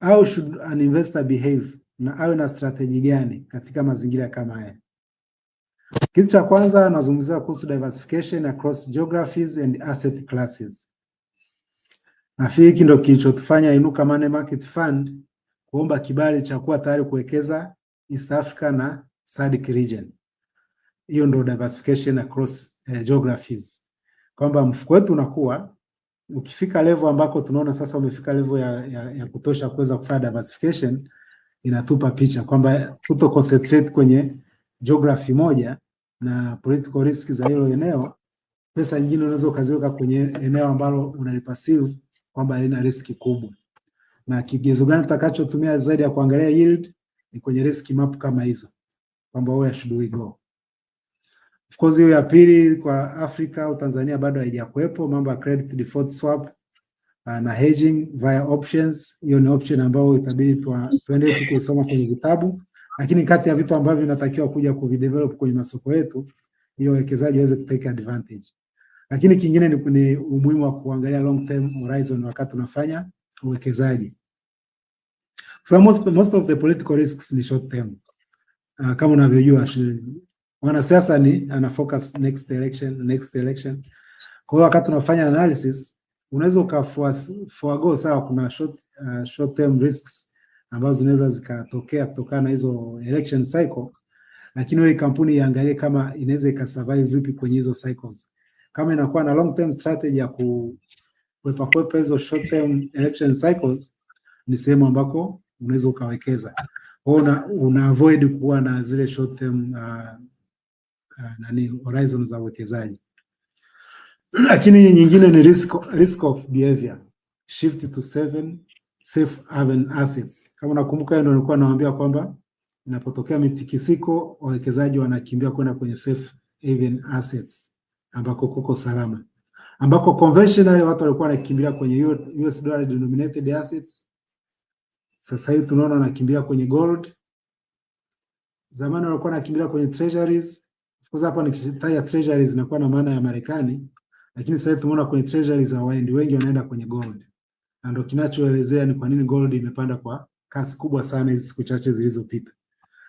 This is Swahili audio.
How should an investor behave, na awe na strategy gani katika mazingira kama haya? Kitu cha kwanza nazungumzia kuhusu diversification across geographies and asset classes. Nafikiri hiki ndio kilichotufanya Inuka Money Market Fund kuomba kibali cha kuwa tayari kuwekeza East Africa na SADC region. Hiyo ndio diversification across uh, geographies, kwamba mfuko wetu unakuwa ukifika level ambako tunaona sasa umefika level ya, ya, ya kutosha kuweza kufanya diversification, inatupa picha kwamba kuto concentrate kwenye geography moja na political risk za hilo eneo. Pesa nyingine unaweza ukaziweka kwenye eneo ambalo unaliperceive kwamba lina riski kubwa, na kigezo gani tutakachotumia zaidi ya kuangalia yield ni kwenye risk map kama hizo, kwamba where should we go. Of course hiyo ya pili kwa Afrika au Tanzania bado haijakuwepo, mambo ya credit default swap uh, na hedging via options. Hiyo ni option ambayo itabidi tuende tukusoma kwenye vitabu, lakini kati ya vitu ambavyo vinatakiwa kuja kuvidevelop kwenye masoko yetu ili wawekezaji waweze kutake advantage. Lakini kingine ni, ni umuhimu wa kuangalia long term horizon wakati unafanya uwekezaji. So most, most of the political risks ni short term. Uh, kama unavyojua mwanasiasa ni ana focus next election, next election. Kwa hiyo wakati unafanya analysis unaweza ukaforgo sawa, kuna short, uh, short term risks ambazo zinaweza zikatokea kutokana na hizo election cycle, lakini wewe kampuni iangalie kama inaweza ikasurvive vipi kwenye hizo cycles. Kama inakuwa na long term strategy ya kuwepa kwepa hizo short term election cycles, ni sehemu ambako unaweza ukawekeza. Kwa una, una avoid kuwa na zile short term uh, Eh, nani horizon za uwekezaji. Lakini nyingine ni risk, risk of behavior shift to seven safe haven assets. Kama nakumbuka, ndio nilikuwa nawaambia kwamba inapotokea mitikisiko wawekezaji wanakimbia kwenda kwenye safe haven assets ambako kuko salama, ambako conventional watu walikuwa wanakimbilia kwenye US dollar denominated assets. Sasa hivi tunaona wanakimbilia kwenye gold, zamani walikuwa wanakimbilia kwenye treasuries kwanza hapo nikitaja treasuries zinakuwa na maana ya Marekani, lakini sasa tumeona kwenye treasuries waendi wengi wanaenda kwenye gold. Na ndio kinachoelezea ni kwa nini gold imepanda kwa kasi kubwa sana hizi siku chache zilizopita.